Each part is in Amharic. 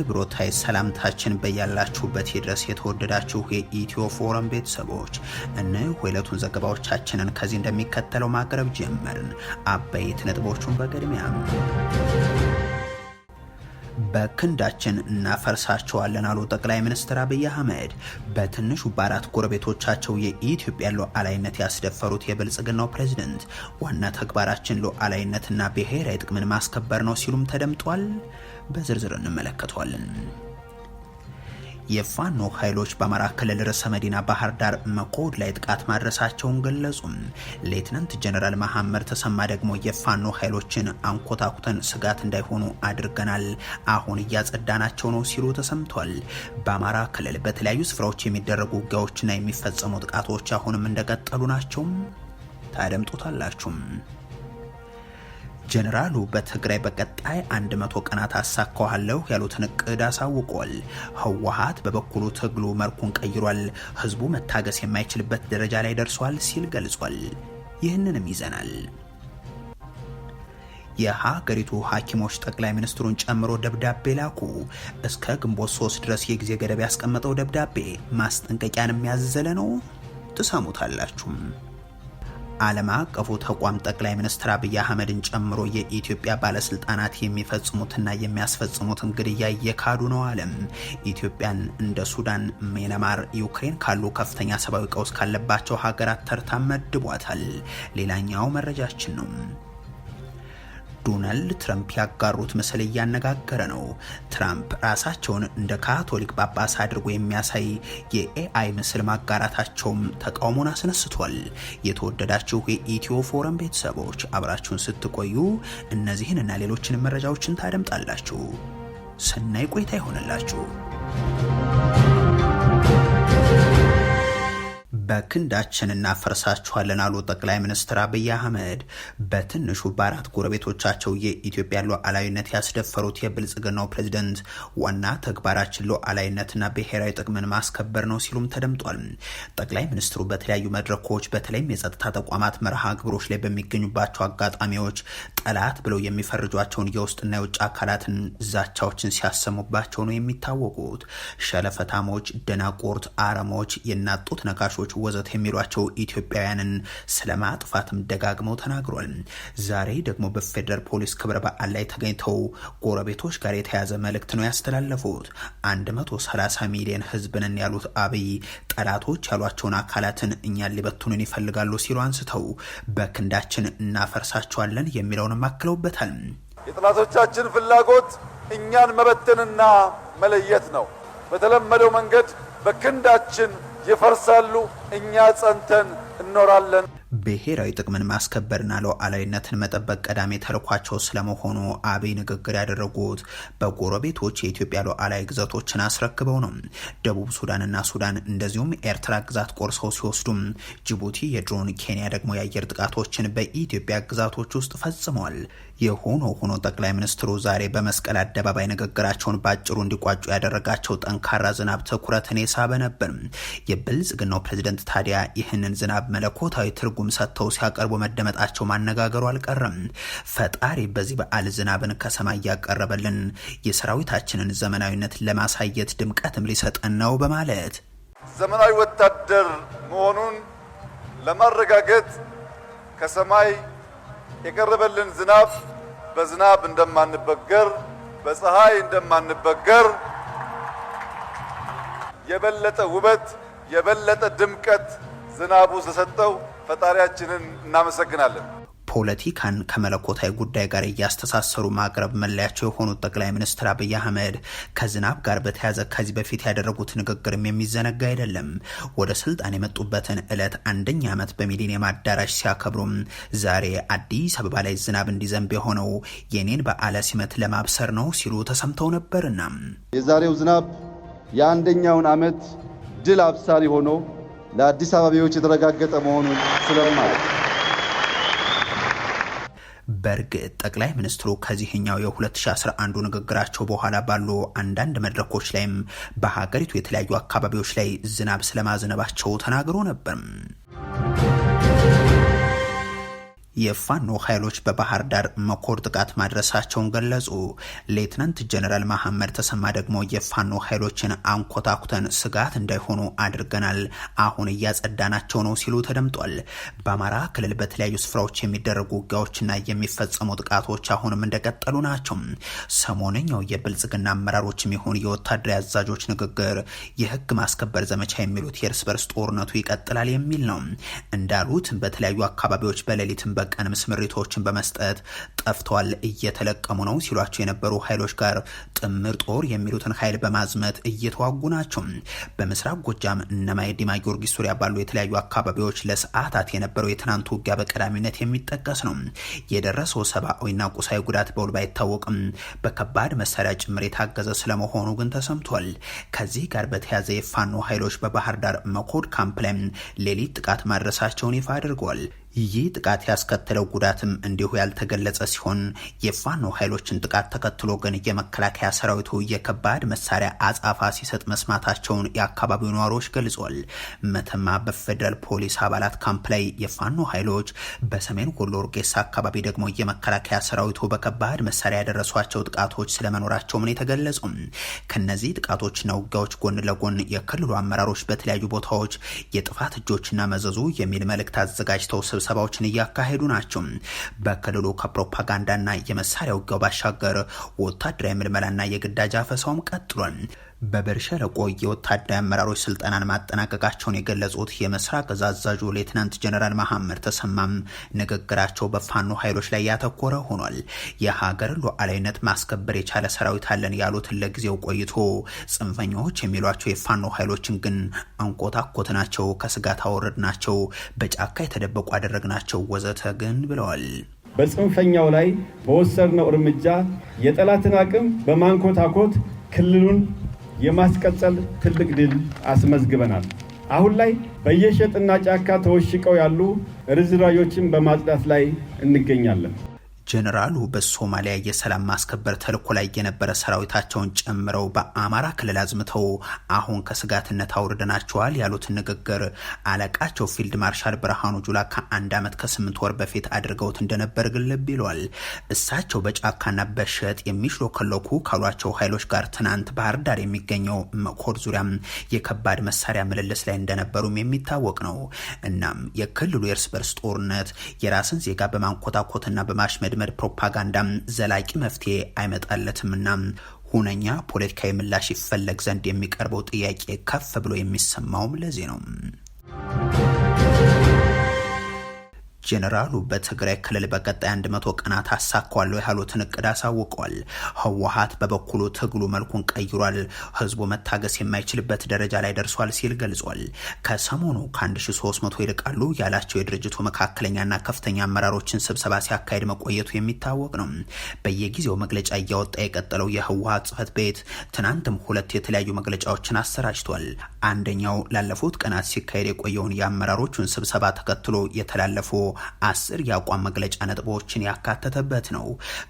ክብሮታይ ሰላምታችን በያላችሁበት ይድረስ። የተወደዳችሁ የኢትዮ ፎረም ቤተሰቦች እነሆ የዕለቱን ዘገባዎቻችንን ከዚህ እንደሚከተለው ማቅረብ ጀመርን። አበይት ነጥቦቹን በቅድሚያ በክንዳችን እናፈርሳቸዋለን አሉ ጠቅላይ ሚኒስትር አብይ አህመድ። በትንሹ በአራት ጎረቤቶቻቸው የኢትዮጵያ ሉዓላዊነት ያስደፈሩት የብልጽግናው ፕሬዝደንት ዋና ተግባራችን ሉዓላዊነትና ብሔራዊ ጥቅምን ማስከበር ነው ሲሉም ተደምጧል። በዝርዝር እንመለከተዋለን። የፋኖ ኃይሎች በአማራ ክልል ርዕሰ መዲና ባህር ዳር መኮድ ላይ ጥቃት ማድረሳቸውን ገለጹም። ሌትናንት ጀነራል መሐመድ ተሰማ ደግሞ የፋኖ ኃይሎችን አንኮታኩተን ስጋት እንዳይሆኑ አድርገናል፣ አሁን እያጸዳናቸው ነው ሲሉ ተሰምቷል። በአማራ ክልል በተለያዩ ስፍራዎች የሚደረጉ ውጊያዎችና የሚፈጸሙ ጥቃቶች አሁንም እንደቀጠሉ ናቸውም። ታደምጡታላችሁም። ጀኔራሉ በትግራይ በቀጣይ 100 ቀናት አሳካዋለሁ ያሉትን እቅድ አሳውቋል። ህወሓት በበኩሉ ትግሉ መልኩን ቀይሯል፣ ህዝቡ መታገስ የማይችልበት ደረጃ ላይ ደርሷል ሲል ገልጿል። ይህንንም ይዘናል። የሀገሪቱ ሐኪሞች ጠቅላይ ሚኒስትሩን ጨምሮ ደብዳቤ ላኩ። እስከ ግንቦት 3 ድረስ የጊዜ ገደብ ያስቀመጠው ደብዳቤ ማስጠንቀቂያንም ያዘለ ነው። ትሰሙታላችሁም። ዓለም አቀፉ ተቋም ጠቅላይ ሚኒስትር አብይ አህመድን ጨምሮ የኢትዮጵያ ባለስልጣናት የሚፈጽሙትና የሚያስፈጽሙትን ግድያ እየካዱ ነው አለም። ኢትዮጵያን እንደ ሱዳን፣ ሜንማር፣ ዩክሬን ካሉ ከፍተኛ ሰብአዊ ቀውስ ካለባቸው ሀገራት ተርታ መድቧታል። ሌላኛው መረጃችን ነው። ዶናልድ ትረምፕ ያጋሩት ምስል እያነጋገረ ነው። ትራምፕ ራሳቸውን እንደ ካቶሊክ ጳጳስ አድርጎ የሚያሳይ የኤአይ ምስል ማጋራታቸውም ተቃውሞን አስነስቷል። የተወደዳችሁ የኢትዮ ፎረም ቤተሰቦች አብራችሁን ስትቆዩ እነዚህን እና ሌሎችንም መረጃዎችን ታደምጣላችሁ። ሰናይ ቆይታ ይሆንላችሁ። በክንዳችን እናፈርሳችኋለን አሉ ጠቅላይ ሚኒስትር አብይ አህመድ። በትንሹ በአራት ጎረቤቶቻቸው የኢትዮጵያ ሉዓላዊነት ያስደፈሩት የብልጽግናው ፕሬዝደንት ዋና ተግባራችን ሉዓላዊነትና ብሔራዊ ጥቅምን ማስከበር ነው ሲሉም ተደምጧል። ጠቅላይ ሚኒስትሩ በተለያዩ መድረኮች በተለይም የጸጥታ ተቋማት መርሃ ግብሮች ላይ በሚገኙባቸው አጋጣሚዎች ጠላት ብለው የሚፈርጇቸውን የውስጥና የውጭ አካላትን ዛቻዎችን ሲያሰሙባቸው ነው የሚታወቁት። ሸለፈታሞች፣ ደናቁርት፣ አረሞች፣ የናጡት ነቃሹ ተመልካቾች ወዘት የሚሏቸው ኢትዮጵያውያንን ስለማጥፋትም ደጋግመው ተናግሯል። ዛሬ ደግሞ በፌደራል ፖሊስ ክብረ በዓል ላይ ተገኝተው ጎረቤቶች ጋር የተያዘ መልእክት ነው ያስተላለፉት። 130 ሚሊዮን ህዝብንን ያሉት አብይ ጠላቶች ያሏቸውን አካላትን እኛን ሊበትኑን ይፈልጋሉ ሲሉ አንስተው በክንዳችን እናፈርሳቸዋለን የሚለውንም አክለውበታል። የጠላቶቻችን ፍላጎት እኛን መበተንና መለየት ነው። በተለመደው መንገድ በክንዳችን ይፈርሳሉ። እኛ ጸንተን እኖራለን። ብሔራዊ ጥቅምን ማስከበርና ሉዓላዊነትን መጠበቅ ቀዳሚ ተልኳቸው ስለመሆኑ አብይ ንግግር ያደረጉት በጎረቤቶች የኢትዮጵያ ሉዓላዊ ግዛቶችን አስረክበው ነው። ደቡብ ሱዳንና ሱዳን እንደዚሁም ኤርትራ ግዛት ቆርሰው ሲወስዱም፣ ጅቡቲ የድሮን ኬንያ ደግሞ የአየር ጥቃቶችን በኢትዮጵያ ግዛቶች ውስጥ ፈጽመዋል። የሆኖ ሆኖ ጠቅላይ ሚኒስትሩ ዛሬ በመስቀል አደባባይ ንግግራቸውን በአጭሩ እንዲቋጩ ያደረጋቸው ጠንካራ ዝናብ ትኩረትን የሳበ ነበር። የብልጽግናው ፕሬዝደንት ታዲያ ይህንን ዝናብ መለኮታዊ ትርጉም ሰጥተው ሲያቀርቡ መደመጣቸው ማነጋገሩ አልቀረም። ፈጣሪ በዚህ በዓል ዝናብን ከሰማይ ያቀረበልን የሰራዊታችንን ዘመናዊነት ለማሳየት ድምቀትም ሊሰጠን ነው በማለት ዘመናዊ ወታደር መሆኑን ለማረጋገጥ ከሰማይ የቀረበልን ዝናብ በዝናብ እንደማንበገር በፀሐይ እንደማንበገር የበለጠ ውበት የበለጠ ድምቀት ዝናቡ ስለሰጠው ፈጣሪያችንን እናመሰግናለን። ፖለቲካን ከመለኮታዊ ጉዳይ ጋር እያስተሳሰሩ ማቅረብ መለያቸው የሆኑት ጠቅላይ ሚኒስትር አብይ አህመድ ከዝናብ ጋር በተያያዘ ከዚህ በፊት ያደረጉት ንግግርም የሚዘነጋ አይደለም። ወደ ስልጣን የመጡበትን ዕለት አንደኛ ዓመት በሚሊኒየም አዳራሽ ሲያከብሩም ዛሬ አዲስ አበባ ላይ ዝናብ እንዲዘንብ የሆነው የኔን በዓለ ሲመት ለማብሰር ነው ሲሉ ተሰምተው ነበርና የዛሬው ዝናብ የአንደኛውን ዓመት ድል አብሳሪ ሆኖ ለአዲስ አበባዎች የተረጋገጠ መሆኑን ስለማለት በእርግጥ ጠቅላይ ሚኒስትሩ ከዚህኛው የ2011 ንግግራቸው በኋላ ባሉ አንዳንድ መድረኮች ላይም በሀገሪቱ የተለያዩ አካባቢዎች ላይ ዝናብ ስለማዝነባቸው ተናግሮ ነበር። የፋኖ ኃይሎች በባህር ዳር መኮር ጥቃት ማድረሳቸውን ገለጹ። ሌትናንት ጀነራል መሐመድ ተሰማ ደግሞ የፋኖ ኃይሎችን አንኮታኩተን ስጋት እንዳይሆኑ አድርገናል፣ አሁን እያጸዳናቸው ነው ሲሉ ተደምጧል። በአማራ ክልል በተለያዩ ስፍራዎች የሚደረጉ ውጊያዎችና የሚፈጸሙ ጥቃቶች አሁንም እንደቀጠሉ ናቸው። ሰሞነኛው የብልጽግና አመራሮች የሚሆኑ የወታደራዊ አዛዦች ንግግር የህግ ማስከበር ዘመቻ የሚሉት የእርስ በርስ ጦርነቱ ይቀጥላል የሚል ነው። እንዳሉት በተለያዩ አካባቢዎች በሌሊትም በ በቀን ምስምሪቶችን በመስጠት ጠፍተዋል፣ እየተለቀሙ ነው ሲሏቸው የነበሩ ኃይሎች ጋር ጥምር ጦር የሚሉትን ኃይል በማዝመት እየተዋጉ ናቸው። በምስራቅ ጎጃም እነማይ ዲማ ጊዮርጊስ ዙሪያ ባሉ የተለያዩ አካባቢዎች ለሰዓታት የነበረው የትናንቱ ውጊያ በቀዳሚነት የሚጠቀስ ነው። የደረሰው ሰብአዊና ቁሳዊ ጉዳት በውል ባይታወቅም በከባድ መሳሪያ ጭምር የታገዘ ስለመሆኑ ግን ተሰምቷል። ከዚህ ጋር በተያያዘ የፋኖ ኃይሎች በባህር ዳር መኮድ ካምፕ ላይ ሌሊት ጥቃት ማድረሳቸውን ይፋ አድርገዋል። ይህ ጥቃት ያስከተለው ጉዳትም እንዲሁ ያልተገለጸ ሲሆን የፋኖ ኃይሎችን ጥቃት ተከትሎ ግን የመከላከያ ሰራዊቱ የከባድ መሳሪያ አጻፋ ሲሰጥ መስማታቸውን የአካባቢው ነዋሪዎች ገልጿል። መተማ በፌደራል ፖሊስ አባላት ካምፕ ላይ የፋኖ ኃይሎች፣ በሰሜን ወሎ ርጌሳ አካባቢ ደግሞ የመከላከያ ሰራዊቱ በከባድ መሳሪያ ያደረሷቸው ጥቃቶች ስለመኖራቸው ምን የተገለጹ። ከነዚህ ጥቃቶችና ውጊያዎች ጎን ለጎን የክልሉ አመራሮች በተለያዩ ቦታዎች የጥፋት እጆችና መዘዙ የሚል መልእክት አዘጋጅተው ስብሰባዎችን እያካሄዱ ናቸው። በክልሉ ከፕሮፓጋንዳና የመሳሪያ ውጊያው ባሻገር ወታደራዊ ምልመላና የግዳጅ አፈሳውም ቀጥሏል። በበር ሸለቆ የወታደራዊ አመራሮች ስልጠናን ማጠናቀቃቸውን የገለጹት የምስራቅ እዝ አዛዡ ሌትናንት ጀነራል መሐመድ ተሰማም ንግግራቸው በፋኖ ኃይሎች ላይ ያተኮረ ሆኗል። የሀገር ሉዓላዊነት ማስከበር የቻለ ሰራዊት አለን ያሉት ለጊዜው ቆይቶ ጽንፈኛዎች የሚሏቸው የፋኖ ኃይሎችን ግን አንቆታኮት ናቸው፣ ከስጋት አወረድ ናቸው፣ በጫካ የተደበቁ አደረግ ናቸው ወዘተ ግን ብለዋል። በጽንፈኛው ላይ በወሰድነው እርምጃ የጠላትን አቅም በማንኮታኮት ክልሉን የማስቀጠል ትልቅ ድል አስመዝግበናል። አሁን ላይ በየሸጥና ጫካ ተወሽቀው ያሉ ርዝራዦችን በማጽዳት ላይ እንገኛለን። ጀኔራሉ በሶማሊያ የሰላም ማስከበር ተልዕኮ ላይ የነበረ ሰራዊታቸውን ጨምረው በአማራ ክልል አዝምተው አሁን ከስጋትነት አውርደናቸዋል ያሉትን ንግግር አለቃቸው ፊልድ ማርሻል ብርሃኑ ጁላ ከአንድ ዓመት ከስምንት ወር በፊት አድርገውት እንደነበር ግልብ ይሏል። እሳቸው በጫካና በሸጥ የሚሽሎከለኩ ካሏቸው ኃይሎች ጋር ትናንት ባህር ዳር የሚገኘው መኮድ ዙሪያም የከባድ መሳሪያ ምልልስ ላይ እንደነበሩም የሚታወቅ ነው። እናም የክልሉ የእርስ በርስ ጦርነት የራስን ዜጋ በማንኮታኮትና በማሽመድ የገመድ ፕሮፓጋንዳም ዘላቂ መፍትሄ አይመጣለትምና ሁነኛ ፖለቲካዊ ምላሽ ይፈለግ ዘንድ የሚቀርበው ጥያቄ ከፍ ብሎ የሚሰማውም ለዚህ ነው። ጄኔራሉ በትግራይ ክልል በቀጣይ 100 ቀናት አሳካዋለሁ ያሉትን እቅድ አሳውቀዋል። ህወሀት በበኩሉ ትግሉ መልኩን ቀይሯል፣ ህዝቡ መታገስ የማይችልበት ደረጃ ላይ ደርሷል ሲል ገልጿል። ከሰሞኑ ከ1300 ይልቃሉ ያላቸው የድርጅቱ መካከለኛና ከፍተኛ አመራሮችን ስብሰባ ሲያካሄድ መቆየቱ የሚታወቅ ነው። በየጊዜው መግለጫ እያወጣ የቀጠለው የህወሀት ጽህፈት ቤት ትናንትም ሁለት የተለያዩ መግለጫዎችን አሰራጭቷል። አንደኛው ላለፉት ቀናት ሲካሄድ የቆየውን የአመራሮቹን ስብሰባ ተከትሎ የተላለፉ አስር የአቋም መግለጫ ነጥቦችን ያካተተበት ነው።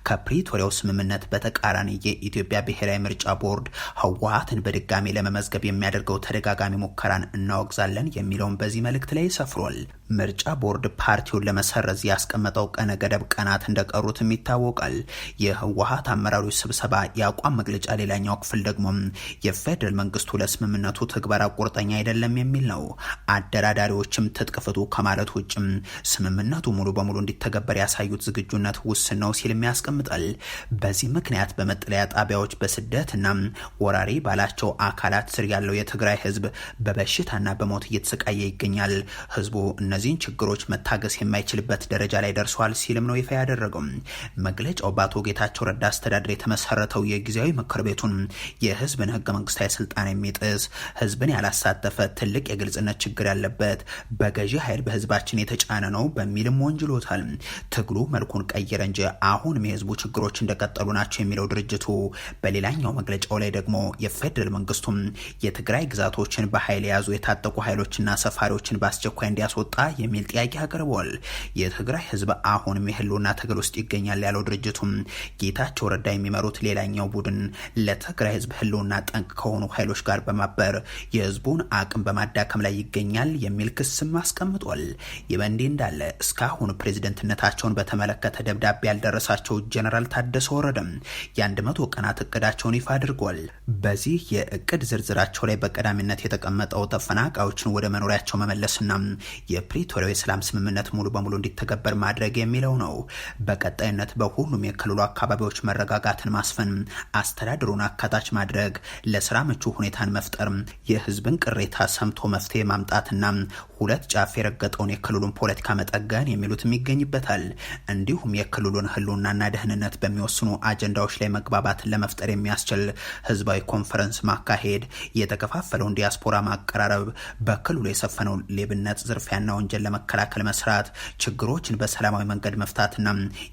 ከፕሪቶሪያው ስምምነት በተቃራኒ የኢትዮጵያ ብሔራዊ ምርጫ ቦርድ ህወሀትን በድጋሚ ለመመዝገብ የሚያደርገው ተደጋጋሚ ሙከራን እናወግዛለን የሚለውን በዚህ መልእክት ላይ ሰፍሯል። ምርጫ ቦርድ ፓርቲውን ለመሰረዝ ያስቀመጠው ቀነ ገደብ ቀናት እንደቀሩትም ይታወቃል። የህወሀት አመራሮች ስብሰባ የአቋም መግለጫ ሌላኛው ክፍል ደግሞ የፌዴራል መንግስቱ ለስምምነቱ ትግበራ ቁርጠኛ አይደለም የሚል ነው። አደራዳሪዎችም ትጥቅ ፍቱ ከማለት ውጭም ስምምነቱ ሙሉ በሙሉ እንዲተገበር ያሳዩት ዝግጁነት ውስን ነው ሲልም ያስቀምጣል። በዚህ ምክንያት በመጠለያ ጣቢያዎች በስደትና ወራሪ ባላቸው አካላት ስር ያለው የትግራይ ህዝብ በበሽታና በሞት እየተሰቃየ ይገኛል። ህዝቡ እነ እነዚህን ችግሮች መታገስ የማይችልበት ደረጃ ላይ ደርሷል ሲልም ነው ይፋ ያደረገው። መግለጫው በአቶ ጌታቸው ረዳ አስተዳደር የተመሰረተው የጊዜያዊ ምክር ቤቱን የህዝብን ህገ መንግስታዊ ስልጣን የሚጥስ ህዝብን ያላሳተፈ ትልቅ የግልጽነት ችግር ያለበት በገዢ ኃይል በህዝባችን የተጫነ ነው በሚልም ወንጅሎታል። ትግሉ መልኩን ቀየረ እንጂ አሁንም የህዝቡ ችግሮች እንደቀጠሉ ናቸው የሚለው ድርጅቱ በሌላኛው መግለጫው ላይ ደግሞ የፌደራል መንግስቱም የትግራይ ግዛቶችን በኃይል የያዙ የታጠቁ ኃይሎችና ሰፋሪዎችን በአስቸኳይ እንዲያስወጣ የሚል ጥያቄ አቅርቧል። የትግራይ ህዝብ አሁንም የህልውና ትግል ውስጥ ይገኛል ያለው ድርጅቱም ጌታቸው ረዳ የሚመሩት ሌላኛው ቡድን ለትግራይ ህዝብ ህልውና ጠንቅ ከሆኑ ኃይሎች ጋር በማበር የህዝቡን አቅም በማዳከም ላይ ይገኛል የሚል ክስም አስቀምጧል። ይህ በእንዲህ እንዳለ እስካሁን ፕሬዝደንትነታቸውን በተመለከተ ደብዳቤ ያልደረሳቸው ጀነራል ታደሰ ወረደም የአንድ መቶ ቀናት እቅዳቸውን ይፋ አድርጓል። በዚህ የእቅድ ዝርዝራቸው ላይ በቀዳሚነት የተቀመጠው ተፈናቃዮችን ወደ መኖሪያቸው መመለስና የፕሬ የፕሪቶሪያው የሰላም ስምምነት ሙሉ በሙሉ እንዲተገበር ማድረግ የሚለው ነው። በቀጣይነት በሁሉም የክልሉ አካባቢዎች መረጋጋትን ማስፈን፣ አስተዳደሩን አካታች ማድረግ፣ ለስራ ምቹ ሁኔታን መፍጠር፣ የህዝብን ቅሬታ ሰምቶ መፍትሄ ማምጣትና ሁለት ጫፍ የረገጠውን የክልሉን ፖለቲካ መጠገን የሚሉትም ይገኝበታል። እንዲሁም የክልሉን ህልውናና ደህንነት በሚወስኑ አጀንዳዎች ላይ መግባባትን ለመፍጠር የሚያስችል ህዝባዊ ኮንፈረንስ ማካሄድ፣ የተከፋፈለውን ዲያስፖራ ማቀራረብ፣ በክልሉ የሰፈነው ሌብነት፣ ዝርፊያና ወንጀል ለመከላከል መስራት፣ ችግሮችን በሰላማዊ መንገድ መፍታትና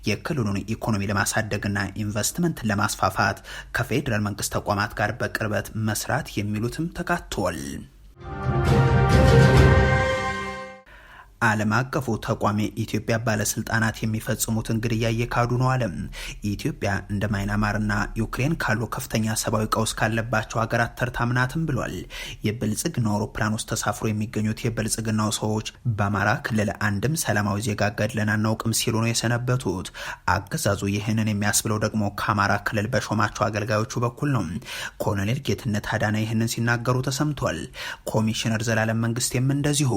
የክልሉን ኢኮኖሚ ለማሳደግና ኢንቨስትመንትን ለማስፋፋት ከፌዴራል መንግስት ተቋማት ጋር በቅርበት መስራት የሚሉትም ተካቷል። ዓለም አቀፉ ተቋም የኢትዮጵያ ባለስልጣናት የሚፈጽሙትን ግድያ እየካዱ ነው አለም። ኢትዮጵያ እንደ ማይናማርና ዩክሬን ካሉ ከፍተኛ ሰብአዊ ቀውስ ካለባቸው ሀገራት ተርታምናትም ብሏል። የብልጽግና አውሮፕላን ውስጥ ተሳፍሮ የሚገኙት የብልጽግናው ሰዎች በአማራ ክልል አንድም ሰላማዊ ዜጋ ገድለን አናውቅም ሲሉ ነው የሰነበቱት። አገዛዙ ይህንን የሚያስብለው ደግሞ ከአማራ ክልል በሾማቸው አገልጋዮቹ በኩል ነው። ኮሎኔል ጌትነት አዳና ይህንን ሲናገሩ ተሰምቷል። ኮሚሽነር ዘላለም መንግስቴም እንደዚሁ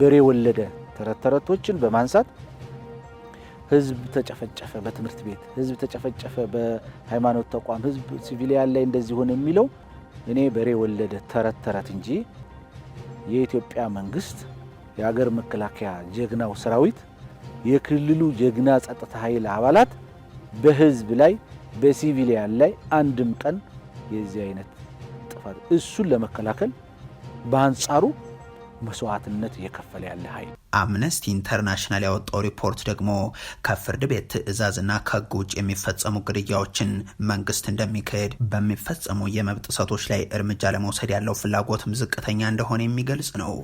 በሬ ወለደ ተረት ተረቶችን በማንሳት ህዝብ ተጨፈጨፈ፣ በትምህርት ቤት ህዝብ ተጨፈጨፈ፣ በሃይማኖት ተቋም ህዝብ ሲቪሊያን ላይ እንደዚህ ሆነ የሚለው እኔ በሬ ወለደ ተረት ተረት እንጂ የኢትዮጵያ መንግስት የሀገር መከላከያ ጀግናው ሰራዊት የክልሉ ጀግና ጸጥታ ኃይል አባላት በህዝብ ላይ በሲቪሊያን ላይ አንድም ቀን የዚህ አይነት ጥፋት እሱን ለመከላከል በአንጻሩ መስዋዕትነት እየከፈለ ያለ ኃይል። አምነስቲ ኢንተርናሽናል ያወጣው ሪፖርት ደግሞ ከፍርድ ቤት ትዕዛዝና ከህግ ውጭ የሚፈጸሙ ግድያዎችን መንግስት እንደሚካሄድ፣ በሚፈጸሙ የመብት ጥሰቶች ላይ እርምጃ ለመውሰድ ያለው ፍላጎትም ዝቅተኛ እንደሆነ የሚገልጽ ነው።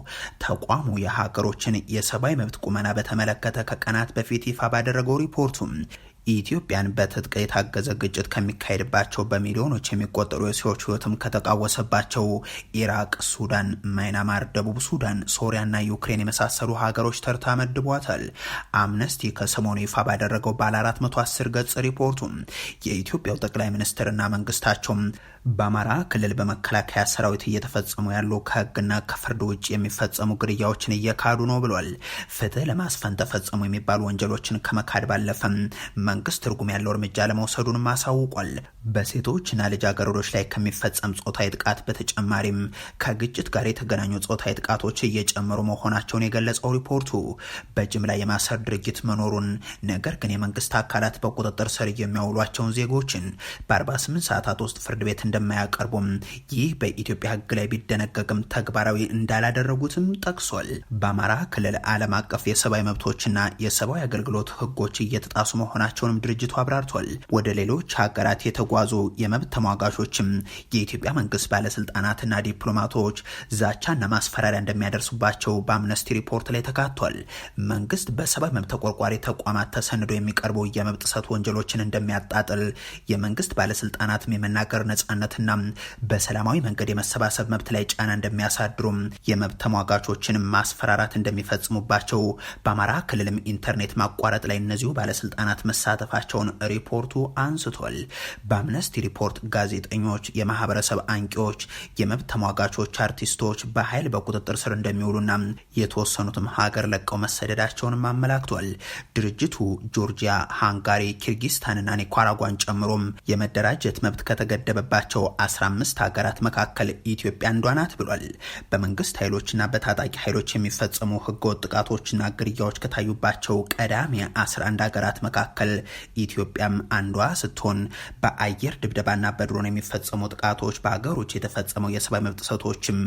ተቋሙ የሀገሮችን የሰብአዊ መብት ቁመና በተመለከተ ከቀናት በፊት ይፋ ባደረገው ሪፖርቱም ኢትዮጵያን በትጥቅ የታገዘ ግጭት ከሚካሄድባቸው በሚሊዮኖች የሚቆጠሩ የሰዎች ህይወትም ከተቃወሰባቸው ኢራቅ፣ ሱዳን፣ ማይናማር፣ ደቡብ ሱዳን፣ ሶሪያና ዩክሬን የመሳሰሉ ሀገሮች ተርታ መድቧታል። አምነስቲ ከሰሞኑ ይፋ ባደረገው ባለ 410 ገጽ ሪፖርቱ የኢትዮጵያው ጠቅላይ ሚኒስትርና መንግስታቸው በአማራ ክልል በመከላከያ ሰራዊት እየተፈጸሙ ያሉ ከህግና ከፍርድ ውጭ የሚፈጸሙ ግድያዎችን እየካዱ ነው ብሏል። ፍትህ ለማስፈን ተፈጸሙ የሚባሉ ወንጀሎችን ከመካድ ባለፈም መንግስት ትርጉም ያለው እርምጃ ለመውሰዱንም አሳውቋል። በሴቶችና ልጃገረዶች ላይ ከሚፈጸም ጾታዊ ጥቃት በተጨማሪም ከግጭት ጋር የተገናኙ ጾታዊ ጥቃቶች እየጨመሩ መሆናቸውን የገለጸው ሪፖርቱ በጅምላ የማሰር ድርጊት መኖሩን፣ ነገር ግን የመንግስት አካላት በቁጥጥር ስር የሚያውሏቸውን ዜጎችን በ48 ሰዓታት ውስጥ ፍርድ ቤት እንደማያቀርቡም ይህ በኢትዮጵያ ህግ ላይ ቢደነገግም ተግባራዊ እንዳላደረጉትም ጠቅሷል። በአማራ ክልል ዓለም አቀፍ የሰብአዊ መብቶችና የሰብአዊ አገልግሎት ህጎች እየተጣሱ መሆናቸውንም ድርጅቱ አብራርቷል። ወደ ሌሎች ሀገራት የተጓዙ የመብት ተሟጋቾችም የኢትዮጵያ መንግስት ባለስልጣናትና ዲፕሎማቶች ዛቻና ማስፈራሪያ እንደሚያደርሱባቸው በአምነስቲ ሪፖርት ላይ ተካቷል። መንግስት በሰብአዊ መብት ተቆርቋሪ ተቋማት ተሰንዶ የሚቀርቡ የመብት ጥሰት ወንጀሎችን እንደሚያጣጥል የመንግስት ባለስልጣናትም የመናገር ነጻ ነጻነትና በሰላማዊ መንገድ የመሰባሰብ መብት ላይ ጫና እንደሚያሳድሩም የመብት ተሟጋቾችን ማስፈራራት እንደሚፈጽሙባቸው በአማራ ክልልም ኢንተርኔት ማቋረጥ ላይ እነዚሁ ባለስልጣናት መሳተፋቸውን ሪፖርቱ አንስቷል። በአምነስቲ ሪፖርት ጋዜጠኞች፣ የማህበረሰብ አንቂዎች፣ የመብት ተሟጋቾች፣ አርቲስቶች በኃይል በቁጥጥር ስር እንደሚውሉና የተወሰኑትም ሀገር ለቀው መሰደዳቸውንም አመላክቷል። ድርጅቱ ጆርጂያ፣ ሃንጋሪ፣ ኪርጊስታንና ኒካራጓን ጨምሮም የመደራጀት መብት ከተገደበባቸው ካላቸው 15 ሀገራት መካከል ኢትዮጵያ አንዷ ናት ብሏል። በመንግስት ኃይሎችና በታጣቂ ኃይሎች የሚፈጸሙ ህገወጥ ጥቃቶችና ግድያዎች ከታዩባቸው ቀዳሚ 11 ሀገራት መካከል ኢትዮጵያም አንዷ ስትሆን በአየር ድብደባና በድሮን የሚፈጸሙ ጥቃቶች፣ በሀገሮች የተፈጸመው የሰብአዊ መብት ጥሰቶችም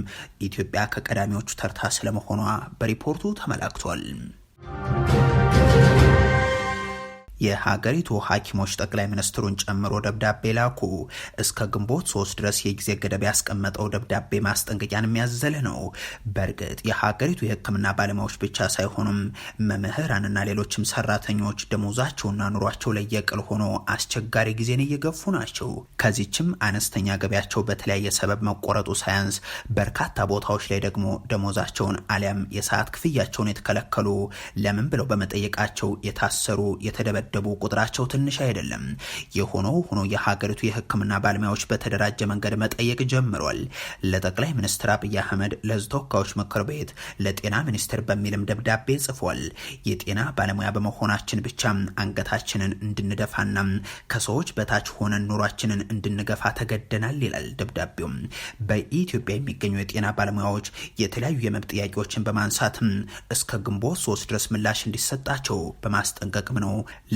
ኢትዮጵያ ከቀዳሚዎቹ ተርታ ስለመሆኗ በሪፖርቱ ተመላክቷል። የሀገሪቱ ሐኪሞች ጠቅላይ ሚኒስትሩን ጨምሮ ደብዳቤ ላኩ። እስከ ግንቦት ሶስት ድረስ የጊዜ ገደብ ያስቀመጠው ደብዳቤ ማስጠንቀቂያን የሚያዘል ነው። በእርግጥ የሀገሪቱ የሕክምና ባለሙያዎች ብቻ ሳይሆኑም መምህራንና ሌሎችም ሰራተኞች ደሞዛቸውና ኑሯቸው ለየቅል ሆኖ አስቸጋሪ ጊዜን እየገፉ ናቸው። ከዚችም አነስተኛ ገቢያቸው በተለያየ ሰበብ መቆረጡ ሳያንስ በርካታ ቦታዎች ላይ ደግሞ ደሞዛቸውን አሊያም የሰዓት ክፍያቸውን የተከለከሉ ለምን ብለው በመጠየቃቸው የታሰሩ የተደበደ ሲደበደቡ ቁጥራቸው ትንሽ አይደለም። የሆኖ ሆኖ የሀገሪቱ የህክምና ባለሙያዎች በተደራጀ መንገድ መጠየቅ ጀምሯል። ለጠቅላይ ሚኒስትር አብይ አህመድ፣ ለህዝብ ተወካዮች ምክር ቤት፣ ለጤና ሚኒስቴር በሚልም ደብዳቤ ጽፏል። የጤና ባለሙያ በመሆናችን ብቻ አንገታችንን እንድንደፋና ከሰዎች በታች ሆነን ኑሯችንን እንድንገፋ ተገደናል ይላል ደብዳቤውም። በኢትዮጵያ የሚገኙ የጤና ባለሙያዎች የተለያዩ የመብት ጥያቄዎችን በማንሳትም እስከ ግንቦት ሶስት ድረስ ምላሽ እንዲሰጣቸው በማስጠንቀቅም ነው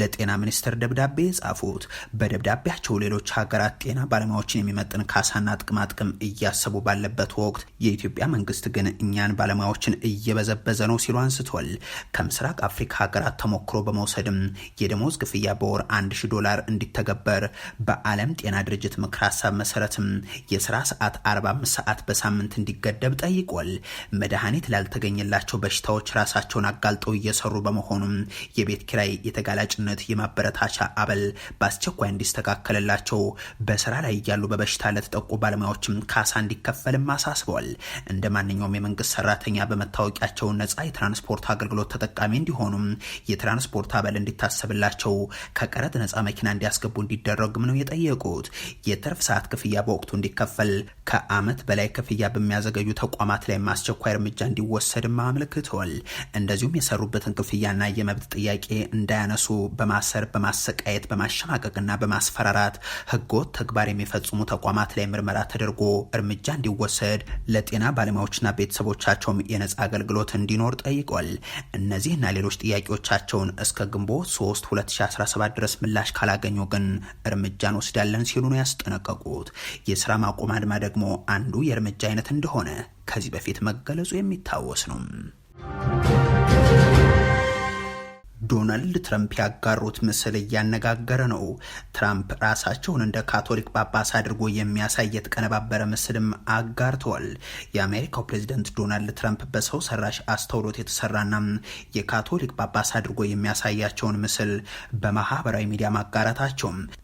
ለጤና ሚኒስቴር ደብዳቤ የጻፉት በደብዳቤያቸው ሌሎች ሀገራት ጤና ባለሙያዎችን የሚመጥን ካሳና ጥቅማጥቅም እያሰቡ ባለበት ወቅት የኢትዮጵያ መንግስት ግን እኛን ባለሙያዎችን እየበዘበዘ ነው ሲሉ አንስቷል። ከምስራቅ አፍሪካ ሀገራት ተሞክሮ በመውሰድም የደሞዝ ክፍያ በወር 1000 ዶላር እንዲተገበር በዓለም ጤና ድርጅት ምክር ሀሳብ መሰረትም የስራ ሰዓት 45 ሰዓት በሳምንት እንዲገደብ ጠይቋል። መድኃኒት ላልተገኘላቸው በሽታዎች ራሳቸውን አጋልጠው እየሰሩ በመሆኑም የቤት ኪራይ የተጋላጭነት የእውነት የማበረታቻ አበል በአስቸኳይ እንዲስተካከልላቸው በስራ ላይ እያሉ በበሽታ ለተጠቁ ባለሙያዎችም ካሳ እንዲከፈልም አሳስበዋል። እንደ ማንኛውም የመንግስት ሰራተኛ በመታወቂያቸው ነጻ የትራንስፖርት አገልግሎት ተጠቃሚ እንዲሆኑም የትራንስፖርት አበል እንዲታሰብላቸው፣ ከቀረጥ ነጻ መኪና እንዲያስገቡ እንዲደረግም ነው የጠየቁት። የትርፍ ሰዓት ክፍያ በወቅቱ እንዲከፈል ከአመት በላይ ክፍያ በሚያዘገዩ ተቋማት ላይ ማስቸኳይ እርምጃ እንዲወሰድም አመልክቷል። እንደዚሁም የሰሩበትን ክፍያና የመብት ጥያቄ እንዳያነሱ በማሰር በማሰቃየት በማሸማቀቅና በማስፈራራት ህገወጥ ተግባር የሚፈጽሙ ተቋማት ላይ ምርመራ ተደርጎ እርምጃ እንዲወሰድ ለጤና ባለሙያዎችና ቤተሰቦቻቸውም የነጻ አገልግሎት እንዲኖር ጠይቋል። እነዚህና ሌሎች ጥያቄዎቻቸውን እስከ ግንቦት 3 2017 ድረስ ምላሽ ካላገኙ ግን እርምጃ እንወስዳለን ሲሉ ነው ያስጠነቀቁት። የስራ ማቆም አድማ ደግሞ ደግሞ አንዱ የእርምጃ አይነት እንደሆነ ከዚህ በፊት መገለጹ የሚታወስ ነው። ዶናልድ ትረምፕ ያጋሩት ምስል እያነጋገረ ነው። ትራምፕ ራሳቸውን እንደ ካቶሊክ ጳጳስ አድርጎ የሚያሳይ የተቀነባበረ ምስልም አጋርተዋል። የአሜሪካው ፕሬዚደንት ዶናልድ ትራምፕ በሰው ሰራሽ አስተውሎት የተሰራና የካቶሊክ ጳጳስ አድርጎ የሚያሳያቸውን ምስል በማህበራዊ ሚዲያ ማጋራታቸው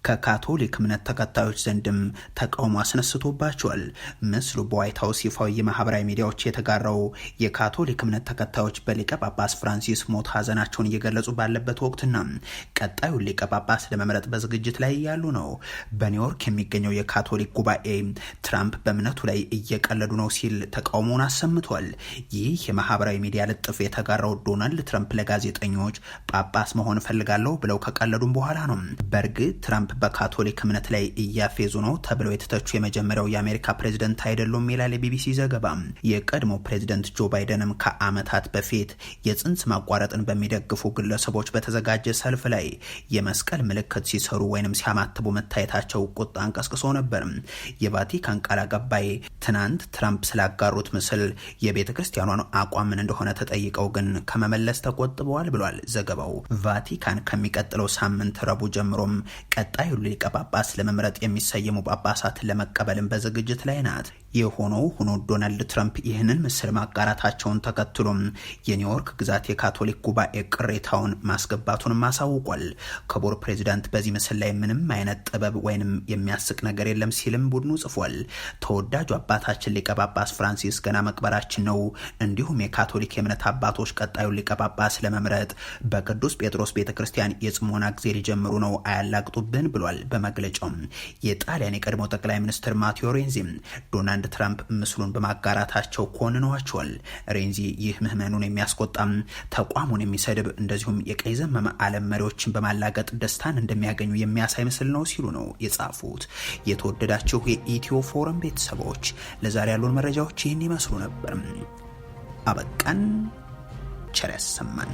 ከካቶሊክ እምነት ተከታዮች ዘንድም ተቃውሞ አስነስቶባቸዋል። ምስሉ በዋይት ሀውስ ይፋዊ የማህበራዊ ሚዲያዎች የተጋራው የካቶሊክ እምነት ተከታዮች በሊቀ ጳጳስ ፍራንሲስ ሞት ሀዘናቸውን እየገለጹ ባለበት ወቅትና ቀጣዩ ሊቀ ጳጳስ ለመምረጥ በዝግጅት ላይ ያሉ ነው። በኒውዮርክ የሚገኘው የካቶሊክ ጉባኤ ትራምፕ በእምነቱ ላይ እየቀለዱ ነው ሲል ተቃውሞውን አሰምቷል። ይህ የማህበራዊ ሚዲያ ልጥፍ የተጋራው ዶናልድ ትራምፕ ለጋዜጠኞች ጳጳስ መሆን እፈልጋለሁ ብለው ከቀለዱም በኋላ ነው። በእርግጥ ትራምፕ በካቶሊክ እምነት ላይ እያፌዙ ነው ተብለው የተተቹ የመጀመሪያው የአሜሪካ ፕሬዝደንት አይደሉም ይላል የቢቢሲ ዘገባ። የቀድሞ ፕሬዝደንት ጆ ባይደንም ከአመታት በፊት የጽንስ ማቋረጥን በሚደግፉ ግለሰ ብሔረሰቦች በተዘጋጀ ሰልፍ ላይ የመስቀል ምልክት ሲሰሩ ወይም ሲያማትቡ መታየታቸው ቁጣ አንቀስቅሶ ነበር። የቫቲካን ቃል አቀባይ ትናንት ትራምፕ ስላጋሩት ምስል የቤተ ክርስቲያኗን አቋም ምን እንደሆነ ተጠይቀው ግን ከመመለስ ተቆጥበዋል ብሏል ዘገባው። ቫቲካን ከሚቀጥለው ሳምንት ረቡዕ ጀምሮም ቀጣዩ ሊቀ ጳጳስ ለመምረጥ የሚሰየሙ ጳጳሳትን ለመቀበልም በዝግጅት ላይ ናት። የሆነው ሆኖ ዶናልድ ትራምፕ ይህንን ምስል ማጋራታቸውን ተከትሎም የኒውዮርክ ግዛት የካቶሊክ ጉባኤ ቅሬታውን ማስገባቱንም አሳውቋል። ክቡር ፕሬዚዳንት፣ በዚህ ምስል ላይ ምንም አይነት ጥበብ ወይንም የሚያስቅ ነገር የለም ሲልም ቡድኑ ጽፏል። ተወዳጁ አባታችን ሊቀ ጳጳስ ፍራንሲስ ገና መቅበራችን ነው። እንዲሁም የካቶሊክ የእምነት አባቶች ቀጣዩን ሊቀ ጳጳስ ለመምረጥ በቅዱስ ጴጥሮስ ቤተ ክርስቲያን የጽሞና ጊዜ ሊጀምሩ ነው፣ አያላግጡብን ብሏል። በመግለጫውም የጣሊያን የቀድሞ ጠቅላይ ሚኒስትር ማቴዮ ሬንዚም ዶናልድ ፕሬዚዳንት ትራምፕ ምስሉን በማጋራታቸው ኮንነዋቸዋል። ሬንዚ ይህ ምህመኑን የሚያስቆጣም ተቋሙን የሚሰድብ እንደዚሁም የቀይ ዘመመ ዓለም መሪዎችን በማላገጥ ደስታን እንደሚያገኙ የሚያሳይ ምስል ነው ሲሉ ነው የጻፉት። የተወደዳችሁ የኢትዮ ፎረም ቤተሰቦች ለዛሬ ያሉን መረጃዎች ይህን ይመስሉ ነበር። አበቃን። ቸር ያሰማን።